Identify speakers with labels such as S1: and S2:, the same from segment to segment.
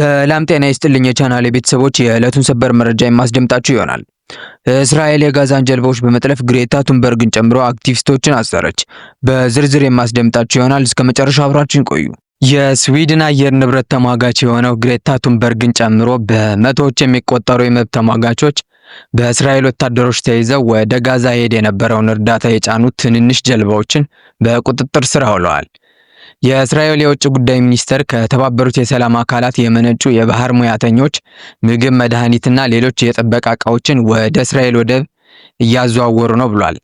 S1: ሰላም ጤና ይስጥልኝ የቻናሌ ቤተሰቦች፣ የዕለቱን ሰበር መረጃ የማስደምጣችሁ ይሆናል። እስራኤል የጋዛን ጀልባዎች በመጥለፍ ግሬታ ቱንበርግን ጨምሮ አክቲቪስቶችን አሰረች። በዝርዝር የማስደምጣችሁ ይሆናል። እስከ መጨረሻ አብራችን ቆዩ። የስዊድን አየር ንብረት ተሟጋች የሆነው ግሬታ ቱንበርግን ጨምሮ በመቶዎች የሚቆጠሩ የመብት ተሟጋቾች በእስራኤል ወታደሮች ተይዘው ወደ ጋዛ ሄድ የነበረውን እርዳታ የጫኑ ትንንሽ ጀልባዎችን በቁጥጥር ስር አውለዋል። የእስራኤል የውጭ ጉዳይ ሚኒስቴር ከተባበሩት የሰላም አካላት የመነጩ የባህር ሙያተኞች ምግብ፣ መድኃኒትና ሌሎች የጥበቃ እቃዎችን ወደ እስራኤል ወደብ እያዘዋወሩ ነው ብሏል።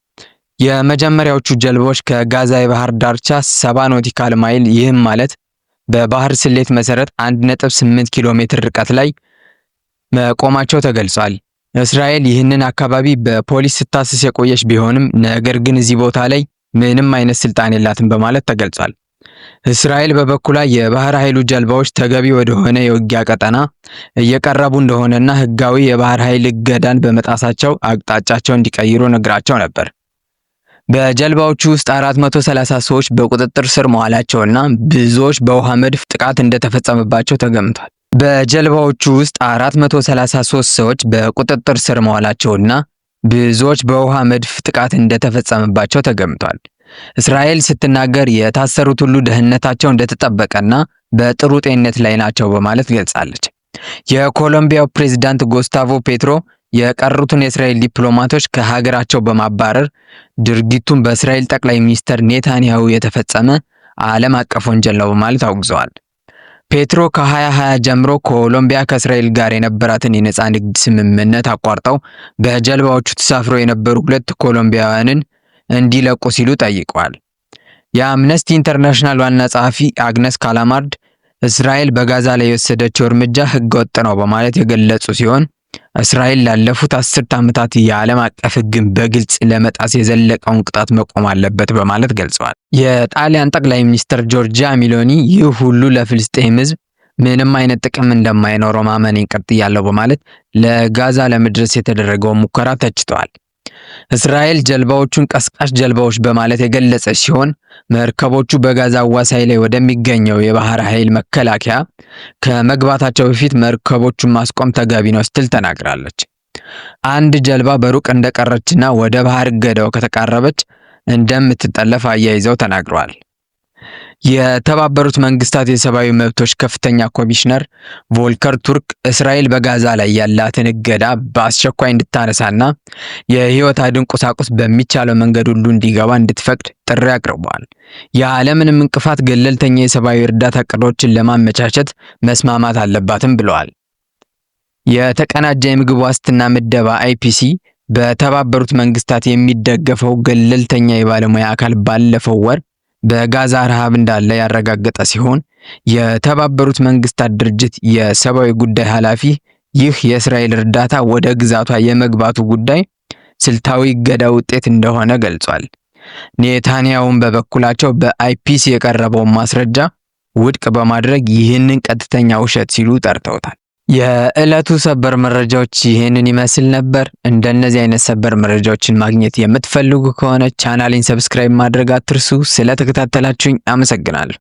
S1: የመጀመሪያዎቹ ጀልባዎች ከጋዛ የባህር ዳርቻ 70 ኖቲካል ማይል ይህም ማለት በባህር ስሌት መሰረት 1.8 ኪሎ ሜትር ርቀት ላይ መቆማቸው ተገልጿል። እስራኤል ይህንን አካባቢ በፖሊስ ስታስስ የቆየች ቢሆንም ነገር ግን እዚህ ቦታ ላይ ምንም አይነት ስልጣን የላትም በማለት ተገልጿል። እስራኤል በበኩሏ የባህር ኃይሉ ጀልባዎች ተገቢ ወደሆነ የውጊያ ቀጠና እየቀረቡ እንደሆነና ህጋዊ የባህር ኃይል እገዳን በመጣሳቸው አቅጣጫቸው እንዲቀይሩ ነግራቸው ነበር። በጀልባዎቹ ውስጥ 430 ሰዎች በቁጥጥር ስር መዋላቸውና ብዙዎች በውሃ መድፍ ጥቃት እንደተፈጸመባቸው ተገምቷል። በጀልባዎቹ ውስጥ 433 ሰዎች በቁጥጥር ስር መዋላቸውና ብዙዎች በውሃ መድፍ ጥቃት እንደተፈጸመባቸው ተገምቷል። እስራኤል ስትናገር የታሰሩት ሁሉ ደህንነታቸው እንደተጠበቀና በጥሩ ጤንነት ላይ ናቸው በማለት ገልጻለች። የኮሎምቢያው ፕሬዝዳንት ጎስታቮ ፔትሮ የቀሩትን የእስራኤል ዲፕሎማቶች ከሀገራቸው በማባረር ድርጊቱን በእስራኤል ጠቅላይ ሚኒስትር ኔታንያሁ የተፈጸመ ዓለም አቀፍ ወንጀል ነው በማለት አውግዘዋል። ፔትሮ ከ2020 ጀምሮ ኮሎምቢያ ከእስራኤል ጋር የነበራትን የነፃ ንግድ ስምምነት አቋርጠው በጀልባዎቹ ተሳፍረው የነበሩ ሁለት ኮሎምቢያውያንን እንዲለቁ ሲሉ ጠይቀዋል። የአምነስቲ ኢንተርናሽናል ዋና ጸሐፊ አግነስ ካላማርድ እስራኤል በጋዛ ላይ የወሰደችው እርምጃ ህገወጥ ነው በማለት የገለጹ ሲሆን እስራኤል ላለፉት አስርት ዓመታት የዓለም አቀፍ ህግን በግልጽ ለመጣስ የዘለቀውን ቅጣት መቆም አለበት በማለት ገልጸዋል። የጣሊያን ጠቅላይ ሚኒስትር ጆርጂያ ሚሎኒ ይህ ሁሉ ለፍልስጤም ህዝብ ምንም አይነት ጥቅም እንደማይኖረው ማመኔን ያለው በማለት ለጋዛ ለመድረስ የተደረገውን ሙከራ ተችተዋል። እስራኤል ጀልባዎቹን ቀስቃሽ ጀልባዎች በማለት የገለጸች ሲሆን መርከቦቹ በጋዛ አዋሳይ ላይ ወደሚገኘው የባህር ኃይል መከላከያ ከመግባታቸው በፊት መርከቦቹን ማስቆም ተገቢ ነው ስትል ተናግራለች። አንድ ጀልባ በሩቅ እንደቀረችና ወደ ባህር ገደው ከተቃረበች እንደምትጠለፍ አያይዘው ተናግረዋል። የተባበሩት መንግስታት የሰብአዊ መብቶች ከፍተኛ ኮሚሽነር ቮልከር ቱርክ እስራኤል በጋዛ ላይ ያላትን እገዳ በአስቸኳይ እንድታነሳና የህይወት አድን ቁሳቁስ በሚቻለው መንገድ ሁሉ እንዲገባ እንድትፈቅድ ጥሪ አቅርበዋል። የዓለምንም እንቅፋት ገለልተኛ የሰብአዊ እርዳታ እቅዶችን ለማመቻቸት መስማማት አለባትም ብለዋል። የተቀናጀ የምግብ ዋስትና ምደባ አይፒሲ በተባበሩት መንግስታት የሚደገፈው ገለልተኛ የባለሙያ አካል ባለፈው ወር በጋዛ ረሃብ እንዳለ ያረጋገጠ ሲሆን የተባበሩት መንግስታት ድርጅት የሰብአዊ ጉዳይ ኃላፊ ይህ የእስራኤል እርዳታ ወደ ግዛቷ የመግባቱ ጉዳይ ስልታዊ እገዳ ውጤት እንደሆነ ገልጿል። ኔታንያሁን በበኩላቸው በአይፒሲ የቀረበውን ማስረጃ ውድቅ በማድረግ ይህንን ቀጥተኛ ውሸት ሲሉ ጠርተውታል። የዕለቱ ሰበር መረጃዎች ይህንን ይመስል ነበር። እንደነዚህ አይነት ሰበር መረጃዎችን ማግኘት የምትፈልጉ ከሆነ ቻናሌን ሰብስክራይብ ማድረግ አትርሱ። ስለተከታተላችሁኝ አመሰግናለሁ።